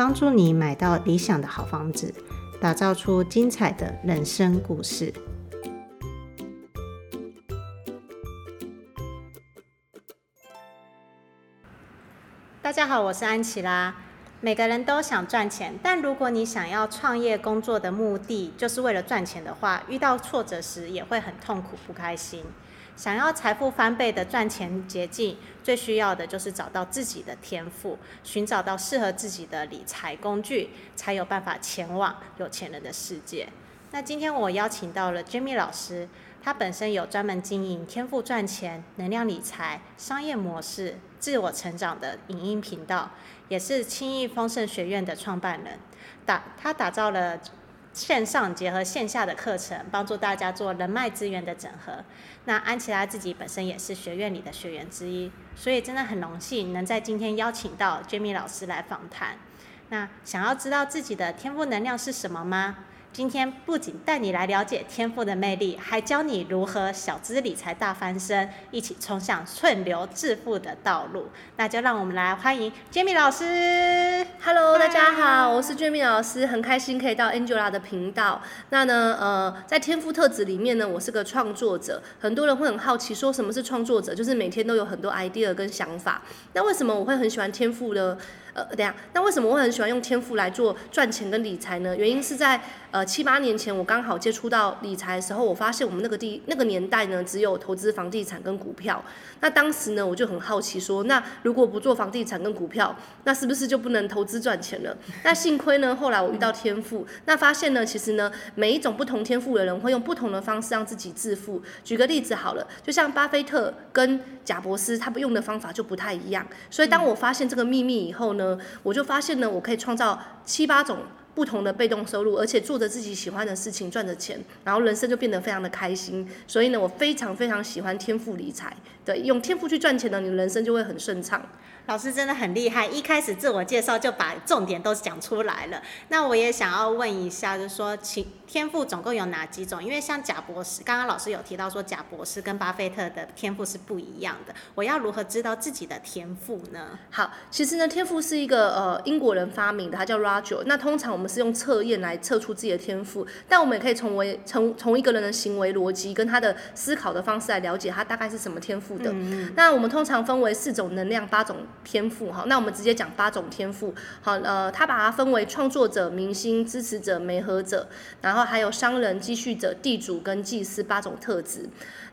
幫助你買到理想的好房子，打造出精彩的人生故事。大家好，我是安琪拉。每個人都想賺錢，但如果你想要創業，工作的目的就是為了賺錢的話，遇到挫折時也會很痛苦、不開心。想要財富翻倍的賺錢捷徑，最需要的就是找到自己的天賦，尋找到適合自己的理財工具，才有辦法前往有錢人的世界。那今天我邀請到了 Jamie 老師，他本身有專門經營天賦賺錢、能量理財、商業模式、自我成長的影音頻道，也是輕易豐盛學苑的創辦人，打他打造了。線上結合線下的課程，幫助大家做人脈資源的整合。那安琪拉自己本身也是學院裡的學員之一，所以真的很榮幸能在今天邀請到 Jamie 老師來訪談。那想要知道自己的天賦能量是什麼嗎？今天不僅帶你來了解天賦的魅力，還教你如何小資理財大翻身，一起衝向順流致富的道路。那就讓我們來歡迎 Jamie 老師。Hello，Hi 大家好，我是 Jamie 老師，很開心可以到 Angela 的頻道。那呢，呃，在天賦特質裡面呢，我是個創作者。很多人會很好奇，說什麼是創作者？就是每天都有很多 idea 跟想法。那為什麼我會很喜歡天賦呢？呃，等下，那為什麼我很喜歡用天賦來做賺錢跟理財呢？原因是在呃。呃，七八年前我剛好接觸到理財的時候，我發現我們那個地那個年代呢，只有投資房地產跟股票。那當時呢，我就很好奇說，說那如果不做房地產跟股票，那是不是就不能投資賺錢了？ 那幸虧呢，後來我遇到天賦，那發現呢，其實呢，每一種不同天賦的人會用不同的方式讓自己致富。舉個例子好了，就像巴菲特跟賈伯斯，他們用的方法就不太一樣。所以當我發現這個秘密以後呢，我就發現呢，我可以創造七八種。不同的被動收入，而且做着自己喜歡的事情，賺着錢，然後人生就變得非常的開心。所以呢，我非常非常喜歡天賦理財，對，用天賦去賺錢呢，你人生就會很順暢。老師真的很厲害，一開始自我介紹就把重點都講出來了。那我也想要問一下，就是說，請天賦總共有哪幾種？因為像賈博士，剛剛老師有提到說賈博士跟巴菲特的天賦是不一樣的。我要如何知道自己的天賦呢？好，其實呢，天賦是一個呃英國人發明的，他叫 Roger。那通常我們是用測驗來測出自己的天賦，但我們也可以從為從從一個人的行為邏輯跟他的思考的方式來了解他大概是什麼天賦的。嗯嗯那我們通常分為四種能量，八種。天賦哈，那我們直接講八種天賦。好，呃，他把它分為創作者、明星、支持者、媒合者，然後還有商人、積蓄者、地主跟技師八種特質。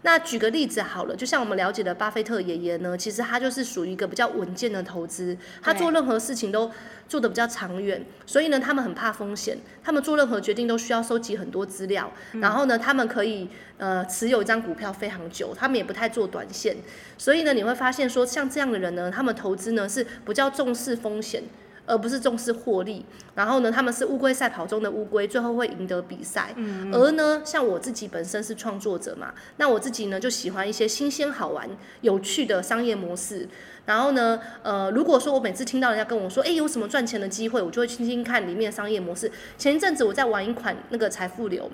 那舉個例子好了，就像我們了解的巴菲特爺爺呢，其實他就是屬於一個比較穩健的投資，他做任何事情都。做得比較長遠，所以呢，他們很怕風險，他們做任何決定都需要收集很多資料，然後呢，他們可以呃持有一張股票非常久，他們也不太做短線，所以呢，你會發現說像這樣的人呢，他們投資呢是比較重視風險。而不是重視獲利，然後呢，他們是烏龜賽跑中的烏龜，最後會贏得比賽。嗯嗯而呢，像我自己本身是創作者嘛，那我自己呢就喜歡一些新鮮、好玩、有趣的商業模式。然後呢，呃，如果說我每次聽到人家跟我說，哎、欸，有什麼賺錢的機會，我就會聽聽看裡面的商業模式。前一陣子我在玩一款那個財富流。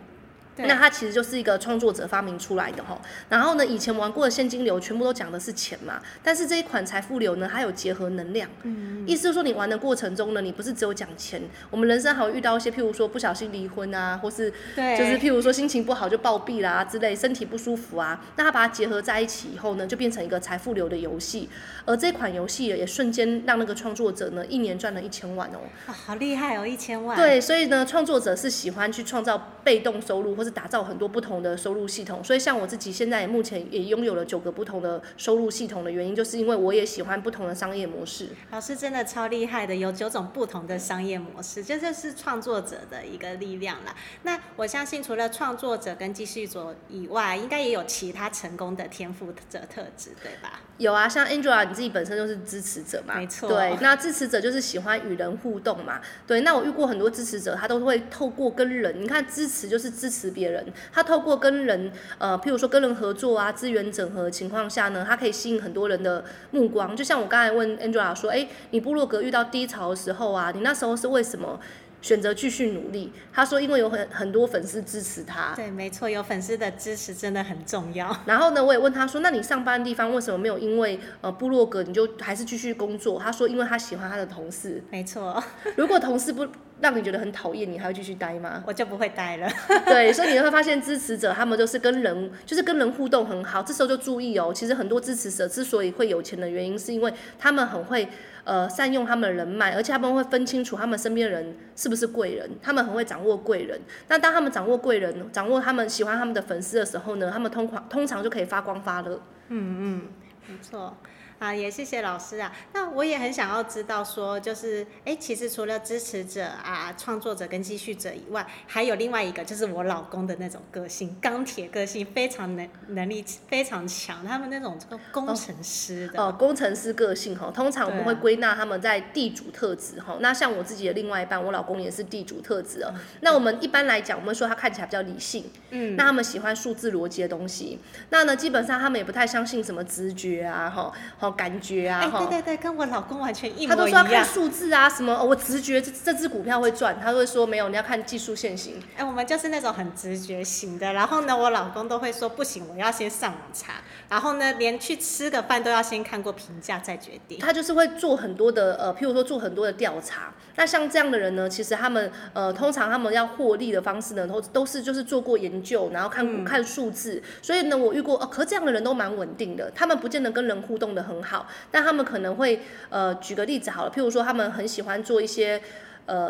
對那它其實就是一個創作者發明出來的哈、哦，然後呢，以前玩過的現金流全部都講的是錢嘛，但是這一款財富流呢，它有結合能量，嗯，意思就是說你玩的過程中呢，你不是只有講錢，我們人生還會遇到一些，譬如說不小心離婚啊，或是對，就是譬如說心情不好就暴斃啦、啊、之類，身體不舒服啊，那它把它結合在一起以後呢，就變成一個財富流的遊戲，而這款遊戲也瞬間讓那個創作者呢，一年賺了一千萬哦，哦，好厲害哦，一千萬，對，所以呢，創作者是喜歡去創造被動收入。就是打造很多不同的收入系統，所以像我自己現在目前也擁有了九個不同的收入系統的原因，就是因為我也喜歡不同的商業模式。老師真的超厲害的，有九種不同的商業模式，就這就是創作者的一個力量啦。那我相信，除了創作者跟機械者以外，應該也有其他成功的天賦者特質，對吧？有啊，像 Angela，你自己本身就是支持者嘛，沒錯。對，那支持者就是喜歡與人互動嘛，對。那我遇過很多支持者，他都會透過跟人，你看支持就是支持。別人，他透過跟人，呃，譬如說跟人合作啊，資源整合情況下呢，他可以吸引很多人的目光。就像我剛才問 Angela 說，哎、欸，你部落格遇到低潮的時候啊，你那時候是為什麼選擇繼續努力？他說，因為有很很多粉絲支持他。對，沒錯，有粉絲的支持真的很重要。然後呢，我也問他說，那你上班的地方為什麼沒有因為呃部落格你就還是繼續工作？他說，因為他喜歡他的同事。沒錯錯，如果同事不 讓你覺得很討厭，你還要繼續待嗎？我就不會待了。 對，所以你會發現支持者他們就是跟人，就是跟人互動很好。這時候就注意哦，其實很多支持者之所以會有錢的原因，是因為他們很會呃善用他們的人脈，而且他們會分清楚他們身邊的人是不是貴人，他們很會掌握貴人。那當他們掌握貴人，掌握他們喜歡他們的粉絲的時候呢，他們通常通常就可以發光發熱。嗯嗯，沒錯。啊，也謝謝老師啊。那我也很想要知道，說就是哎，其實除了支持者啊、創作者跟積蓄者以外，還有另外一個，就是我老公的那種個性，鋼鐵個性，非常能能力非常強。他們那種工程師的哦，哦，工程師個性哈，哦。通常我們會歸納他們在地主特質哈，哦。啊，那像我自己的另外一半，我老公也是地主特質哦。那我們一般來講，我們說他看起來比較理性，嗯，那他們喜歡數字邏輯的東西。那呢，基本上他們也不太相信什麼直覺啊，哈，哦，好。感覺啊，欸、對對對，跟我老公完全一模一樣。他都說要看數字啊，什麼、哦、我直覺這這支股票會賺，他會說沒有，你要看技術線型。哎、欸，我們就是那種很直覺型的。然後呢，我老公都會說不行，我要先上網查。然後呢，連去吃個飯都要先看過評價再決定。他就是會做很多的呃，譬如說做很多的調查。那像這樣的人呢，其實他們呃，通常他們要獲利的方式呢，都都是就是做過研究，然後看股、嗯、看數字。所以呢，我遇過哦，可是這樣的人都蠻穩定的。他們不見得跟人互動的很好。好，但他們可能會，呃，舉個例子好了，譬如說他們很喜歡做一些，呃，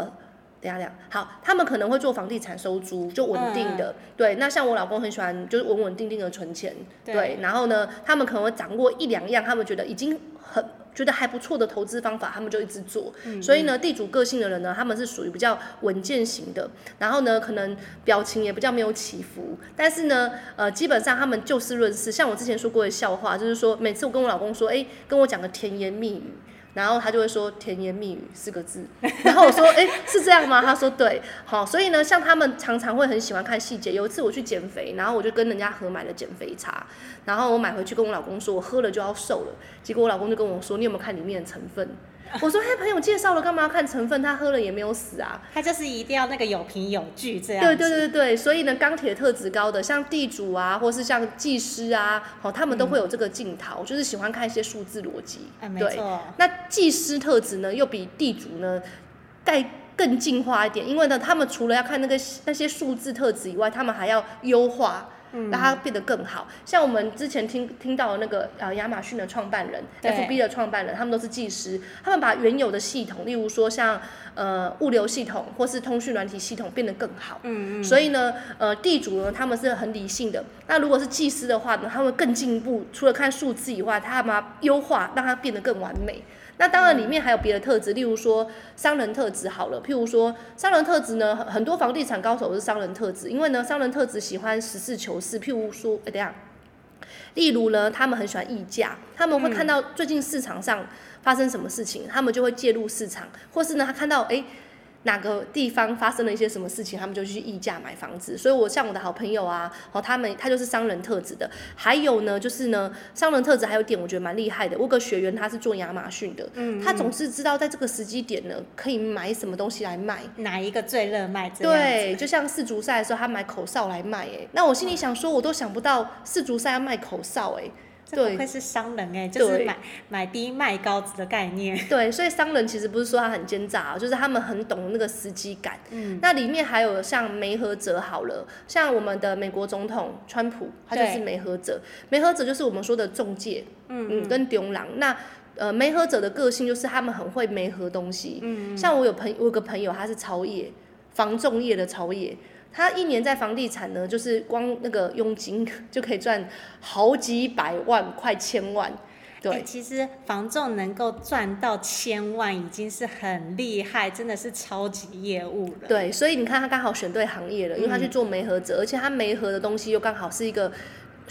等下等下，好，他們可能會做房地產收租，就穩定的，嗯、對，那像我老公很喜歡，就是穩穩定定的存錢，對，對，然後呢，他們可能會掌握一兩樣，他們覺得已經很，覺得還不錯的投資方法，他們就一直做。嗯。所以呢，地主個性的人呢，他們是屬於比較穩健型的。然後呢，可能表情也比較沒有起伏。但是呢，呃，基本上他們就事論事。像我之前說過的笑話，就是說，每次我跟我老公說，哎，跟我講個甜言蜜語。然後他就會說“甜言蜜語”四個字，然後我說：“哎， 是這樣嗎？”他說：“對，好，所以呢，像他們常常會很喜歡看細節。有一次我去減肥，然後我就跟人家合買了減肥茶，然後我買回去跟我老公說，我喝了就要瘦了。結果我老公就跟我說：你有沒有看裡面的成分？”我說：“他朋友介紹了，幹嘛要看成分？他喝了也沒有死啊！他就是一定要那個有憑有據，這樣子。對對對對。所以呢，鋼鐵特質高的，像地主啊，或是像技師啊，哦，他們都會有這個鏡頭，嗯，就是喜歡看一些數字邏輯。哎，沒錯。那技師特質呢，又比地主呢，帶更進化一點，因為呢，他們除了要看那個那些數字特質以外，他們還要優化。”嗯、讓它變得更好，像我們之前聽聽到那個呃，亞馬遜的創辦人對，FB 的創辦人，他們都是技師，他們把原有的系統，例如說像呃物流系統或是通訊軟體系統變得更好。嗯、所以呢，呃，地主呢，他們是很理性的。那如果是技師的話呢，他們更進一步，除了看數字以外，他們優化，讓它變得更完美。那當然，裡面還有別的特質，例如說商人特質好了。譬如說商人特質呢，很多房地產高手都是商人特質，因為呢商人特質喜歡實事求是。譬如說，誒、欸，等下，例如呢，他們很喜歡議價，他們會看到最近市場上發生什麼事情，他們就會介入市場，或是呢，他看到哎。欸哪個地方發生了一些什麼事情，他們就去溢價買房子。所以我，我像我的好朋友啊，哦，他們他就是商人特質的。還有呢，就是呢，商人特質還有點我覺得蠻厲害的。我有個學員他是做亞馬遜的，嗯、嗯，他總是知道在這個時機點呢，可以買什麼東西來賣，哪一個最熱賣？對，就像世足賽的時候，他買口哨來賣、欸。哎，那我心裡想說，哇我都想不到世足賽要賣口哨、欸，誒。對，會是商人哎，欸，對就是買對買低賣高子的概念。對，所以商人其實不是說他很奸詐啊，就是他們很懂那個時機感。嗯，那裡面還有像媒合者，好了，像我們的美國總統川普，他就是媒合者。媒合對者就是我們說的仲介，嗯，嗯，跟中人。那呃，媒合者的個性就是他們很會媒合東西。嗯，像我有朋友，我有個朋友他是超業，房仲業的超業。他一年在房地產呢，就是光那個佣金就可以賺好幾百萬，快千萬。對，欸，其實房仲能夠賺到千萬，已經是很厲害，真的是超級業務了。對，所以你看他剛好選對行業了，因為他去做媒合者，嗯，而且他媒合的東西又剛好是一個。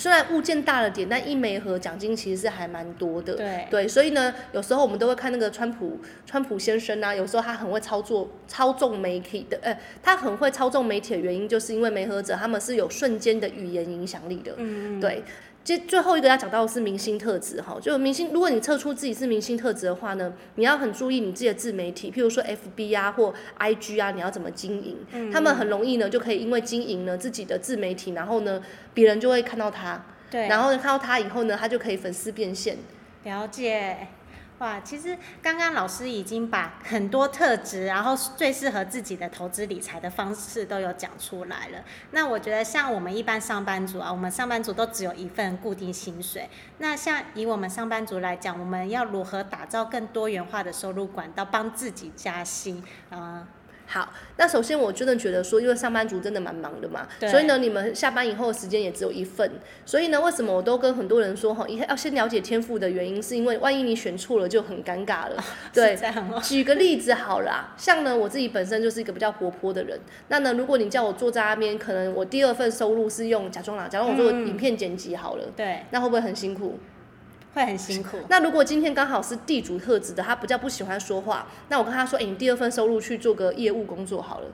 雖然物件大了點，但一媒合獎金其實是還蠻多的。對，對所以呢，有時候我們都會看那個川普，川普先生啊，有時候他很會操作操縱媒體的。哎、欸，他很會操縱媒體的原因，就是因為媒合者他們是有瞬間的語言影響力的。嗯，嗯，對。其實最後一個要講到的是明星特質哈，就明星，如果你測出自己是明星特質的話呢，你要很注意你自己的自媒體，譬如說 FB 啊或 IG 啊，你要怎麼經營？嗯，他們很容易呢，就可以因為經營了自己的自媒體，然後呢別人就會看到他，對然後看到他以後呢，他就可以粉絲變現。了解。哇，其實剛剛老師已經把很多特質，然後最適合自己的投資理財的方式都有講出來了。那我覺得像我們一般上班族啊，我們上班族都只有一份固定薪水。那像以我們上班族來講，我們要如何打造更多元化的收入管道，幫自己加薪啊？嗯好，那首先我真的覺得說，因為上班族真的蠻忙的嘛，對所以呢，你們下班以後的時間也只有一份，所以呢，為什麼我都跟很多人說吼，要先了解天賦的原因，是因為萬一你選錯了就很尷尬了。啊、對，喔、舉個例子好了，像呢，我自己本身就是一個比較活潑的人，那呢，如果你叫我坐在那邊，可能我第二份收入是用假裝啦，假裝我做影片剪輯好了，嗯、對，那會不會很辛苦？會很辛苦。那如果今天剛好是地主特質的，他比較不喜歡說話，那我跟他說：“誒、欸、你第二份收入去做個業務工作好了。”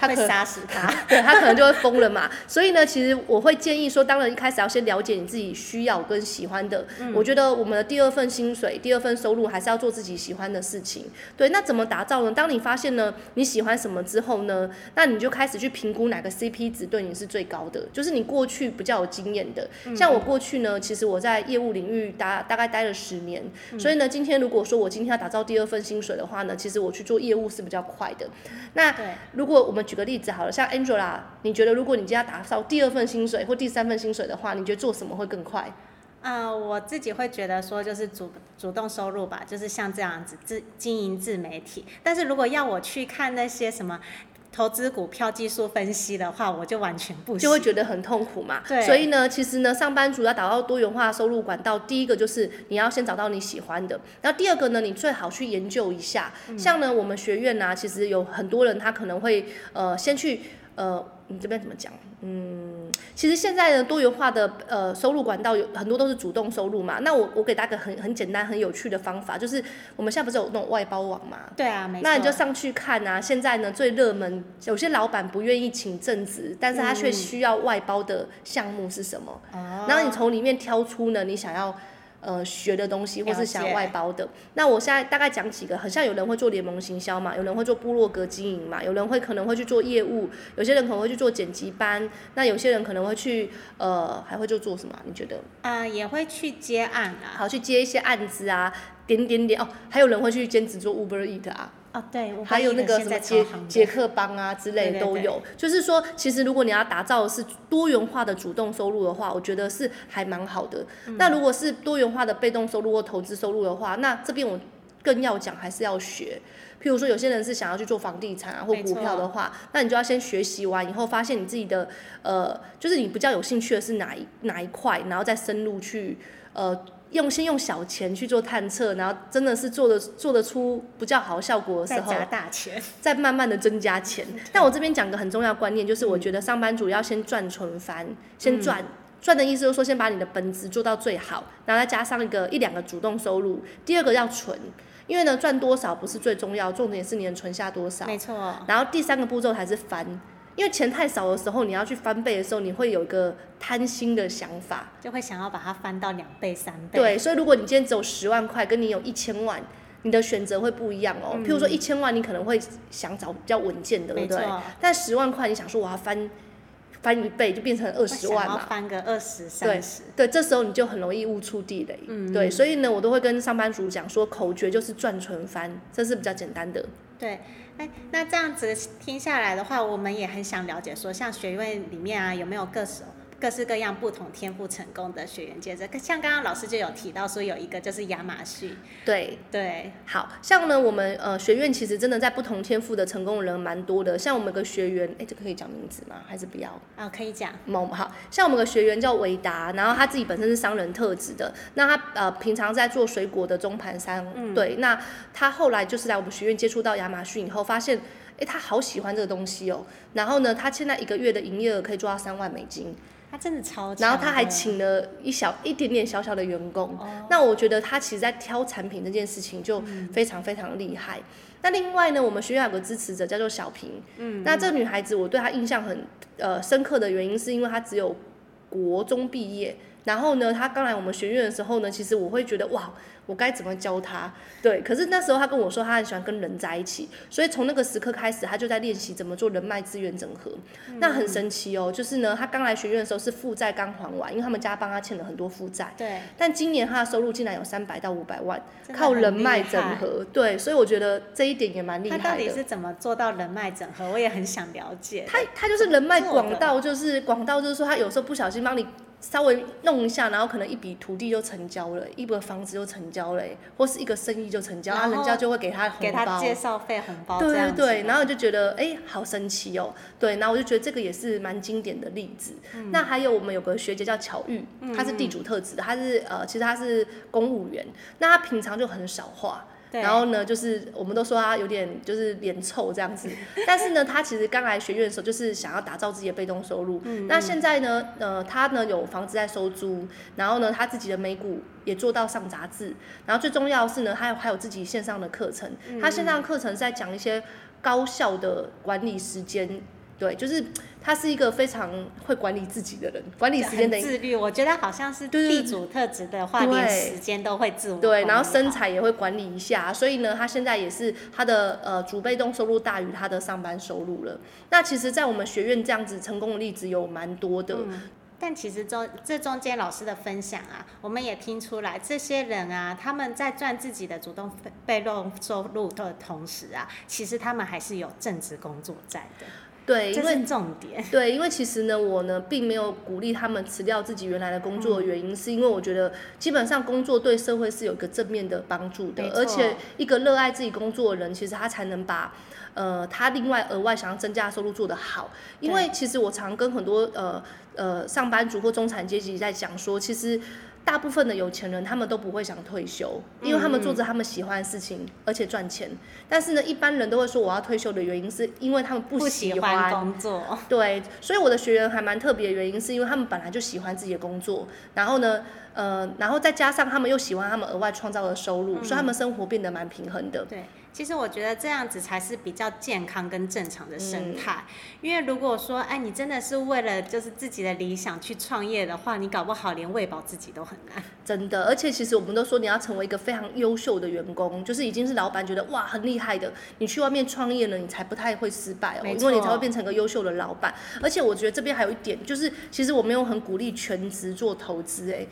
他殺死他， 他他可能就會瘋了嘛。 所以呢，其實我會建議說，當然一開始要先了解你自己需要跟喜歡的。嗯、我覺得我們的第二份薪水、第二份收入還是要做自己喜歡的事情。對，那怎麼打造呢？當你發現呢你喜歡什麼之後呢，那你就開始去評估哪個 CP 值對你是最高的，就是你過去比較有經驗的。嗯、像我過去呢，其實我在業務領域大概待了十年，嗯、所以呢，今天如果說我今天要打造第二份薪水的話呢，其實我去做業務是比較快的。那對如果我們舉個例子好了，像 Angela，你覺得如果你要打造第二份薪水或第三份薪水的話，你覺得做什麼會更快？啊、呃，我自己會覺得說，就是主主動收入吧，就是像這樣子自經營自媒體。但是如果要我去看那些什麼，投資股票技術分析的話，我就完全不行。就會覺得很痛苦嘛。對所以呢，其實呢，上班族要達到多元化收入管道，第一個就是你要先找到你喜歡的，然後第二個呢，你最好去研究一下。嗯、像呢，我們學院啊，其實有很多人他可能會呃先去呃，你這邊怎麼講？嗯。其實現在的多元化的呃收入管道有很多都是主動收入嘛。那我我給大家一個很很簡單很有趣的方法，就是我們現在不是有那種外包網嘛？對啊，沒錯。那你就上去看啊，現在呢，最熱門，有些老闆不願意請正職，但是他卻需要外包的項目是什麼？嗯。然後你從裡面挑出呢，你想要。呃，學的東西或是想外包的，了解。那我現在大概講幾個，很像有人會做聯盟行銷嘛，有人會做部落格經營嘛，有人會可能會去做業務，有些人可能會去做剪輯班，那有些人可能會去呃，還會就做什麼？啊，你覺得？啊、呃，也會去接案啊，好，去接一些案子啊，點點點哦，還有人會去兼職做 Uber Eat 啊。啊、哦，對，還有那個什麼傑傑克幫啊之類都有。就是說，其實如果你要打造的是多元化的主動收入的話，我覺得是還蠻好的。嗯、那如果是多元化的被動收入或投資收入的話，那這邊我更要講還是要學。譬如說，有些人是想要去做房地產啊或股票的話，錯那你就要先學習完以後，發現你自己的呃，就是你比較有興趣的是哪一、嗯、哪一塊，然後再深入去呃。用先用小錢去做探測，然後真的是做的做得出比較好效果的時候，再加大錢，再慢慢的增加錢。 的但我這邊講個很重要觀念，就是我覺得上班族要先賺存翻，嗯、先賺賺的意思就是說先把你的本職做到最好，然後再加上一個一兩個主動收入。第二個要存，因為呢賺多少不是最重要，重點是你能存下多少。沒錯、哦。然後第三個步驟才是翻。因為錢太少的時候，你要去翻倍的時候，你會有一個貪心的想法，就會想要把它翻到兩倍、三倍。對，所以如果你今天只有十萬塊，跟你有一千萬，你的選擇會不一樣哦。嗯、譬如說一千萬，你可能會想找比較穩健的，對不對？但十萬塊，你想說我要翻翻一倍，就變成二十萬嘛？翻個二十、三十？對，對，這時候你就很容易誤觸地雷。嗯、對，所以呢，我都會跟上班族講說，口訣就是賺存翻，這是比較簡單的。對。誒，那這樣子聽下來的話，我們也很想了解說，說像學院裡面啊，有沒有歌手？各式各樣不同天賦成功的學員接，接着像剛剛老師就有提到說有一個就是亞馬遜，對對，對好像呢我們呃學院其實真的在不同天賦的成功的人蠻多的，像我們一個學員，哎、欸，這個可以講名字嗎？還是不要？啊、哦，可以講。某好像我們的學員叫維達，然後他自己本身是商人特質的，那他呃平常在做水果的中盤商，嗯、對，那他後來就是來我們學院接觸到亞馬遜以後，發現哎、欸、他好喜歡這個東西哦、喔，然後呢他現在一個月的營業額可以做到三萬美金。他真的超的，然後他還請了一小一點點小小的員工，哦、那我覺得他其實在挑產品這件事情就非常非常厲害。嗯、那另外呢，我們學院有個支持者叫做小平，嗯，那這個女孩子我對她印象很呃深刻的原因是因為她只有國中畢業。然後呢，他剛來我們學院的時候呢，其實我會覺得哇，我該怎麼教他？對，可是那時候他跟我說，他很喜歡跟人在一起，所以從那個時刻開始，他就在練習怎麼做人脈資源整合。那很神奇哦，就是呢，他剛來學院的時候是負債剛還完，因為他們家幫他欠了很多負債。對。但今年他的收入竟然有三百到五百萬，靠人脈整合。對，所以我覺得這一點也蠻厲害的。他到底是怎麼做到人脈整合？我也很想了解。他他就是人脈廣到，就是廣到，道就是說他有時候不小心幫你。稍微弄一下，然後可能一筆土地就成交了，一筆房子就成交了，或是一個生意就成交，那後人家就會給他紅包，給他介紹費紅包。對對對，然後我就覺得哎，好神奇哦。對，然後我就覺得這個也是蠻經典的例子。嗯、那還有我們有個學姐叫巧玉，她是地主特質，她是呃，其實她是公務員，嗯、那她平常就很少話對然後呢，就是我們都說他有點就是臉臭這樣子， 但是呢，他其實剛來學院的時候，就是想要打造自己的被動收入。 那現在呢，呃，他呢有房子在收租，然後呢，他自己的美股也做到上雜誌，然後最重要的是呢，他有還有自己線上的課程， 他線上課程是在講一些高效的管理時間。對，就是他是一個非常會管理自己的人，管理時間的自律。我覺得好像是地主特質的話，對對對連時間都會自我對，對，然後身材也會管理一下。所以呢，他現在也是他的呃主被動收入大於他的上班收入了。那其實，在我們學院這樣子成功的例子有蠻多的。嗯，但其實中這中間老師的分享啊，我們也聽出來，這些人啊，他們在賺自己的主動被被動收入的同時啊，其實他們還是有正職工作在的。對，因為這是重點。對，因為其實呢，我呢並沒有鼓勵他們辭掉自己原來的工作，原因、嗯、是因為我覺得基本上工作對社會是有一個正面的幫助的，沒錯。而且一個熱愛自己工作的人，其實他才能把呃他另外額外想要增加的收入做得好。因為其實我常跟很多呃呃上班族或中產階級在講說，其實。大部分的有錢人，他們都不會想退休，因為他們做着他們喜歡的事情，嗯、而且賺錢。但是呢，一般人都會說我要退休的原因，是因為他們不喜歡，不喜歡工作。對，所以我的學員還蠻特別的原因，是因為他們本來就喜歡自己的工作，然後呢，呃，然後再加上他們又喜歡他們額外創造的收入，嗯、所以他們生活變得蠻平衡的。對。其實我覺得這樣子才是比較健康跟正常的生態，嗯、因為如果說哎，你真的是為了就是自己的理想去創業的話，你搞不好連餵飽自己都很難。真的，而且其實我們都說你要成為一個非常優秀的員工，就是已經是老闆覺得哇很厲害的，你去外面創業了，你才不太會失敗哦，沒錯。因為你才會變成一個優秀的老闆。而且我覺得這邊還有一點，就是其實我沒有很鼓勵全職做投資哎。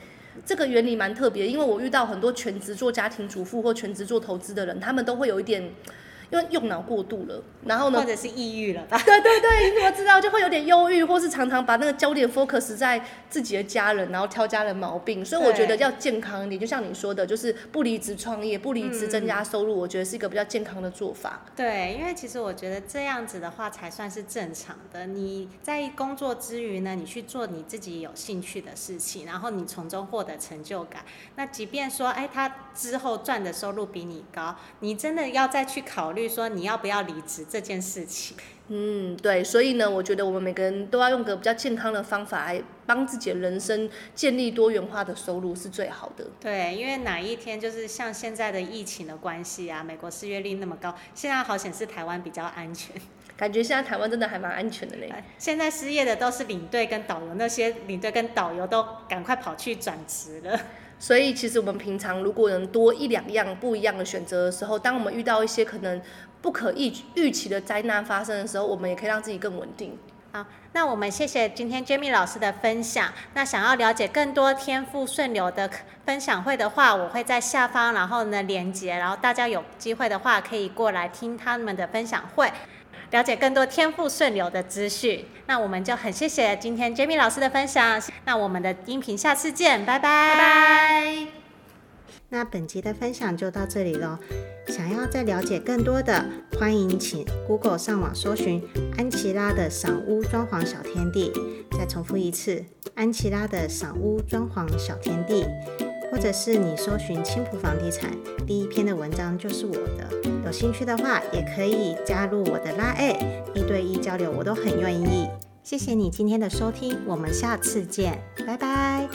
這個原理蠻特別，因為我遇到很多全職做家庭主婦或全職做投資的人，他們都會有一點。因為用腦過度了，然後呢？或者是抑鬱了吧？對對對，你怎麼知道？就會有點憂鬱， 或是常常把那個焦點 focus 在自己的家人，然後挑家人毛病。所以我覺得要健康一點，對就像你說的，就是不離職創業，不離職增加收入，嗯、我覺得是一個比較健康的做法。對，因為其實我覺得這樣子的話才算是正常的。你在工作之餘呢，你去做你自己有興趣的事情，然後你從中獲得成就感。那即便說，哎，他之後賺的收入比你高，你真的要再去考慮。所以說你要不要離職這件事情？嗯，對，所以呢，我覺得我們每個人都要用個比較健康的方法來幫自己的人生建立多元化的收入是最好的。對，因為哪一天就是像現在的疫情的關係啊，美國失業率那麼高，現在好像是台灣比較安全。感覺現在台灣真的還蠻安全的嘞。現在失業的都是領隊跟導遊，那些領隊跟導遊都趕快跑去轉職了。所以其實我們平常如果能多一兩樣不一樣的選擇的時候，當我們遇到一些可能不可預預期的災難發生的時候，我們也可以讓自己更穩定。好，那我們謝謝今天 Jamie 老師的分享。那想要了解更多天賦順流的分享會的話，我會在下方然後呢連結，然後大家有機會的話可以過來聽他們的分享會。了解更多天賦順流的資訊，那我們就很謝謝今天 Jamie 老師的分享。那我們的音頻下次見，拜拜。拜拜。那本集的分享就到這裡嘍。想要再了解更多的，歡迎請 Google 上網搜尋安琪拉的賞屋裝潢小天地。再重複一次，安琪拉的賞屋裝潢小天地。或者是你搜尋青埔房地產，第一篇的文章就是我的。有興趣的話，也可以加入我的拉愛，A, 一對一交流，我都很願意。謝謝你今天的收聽，我們下次見，拜拜。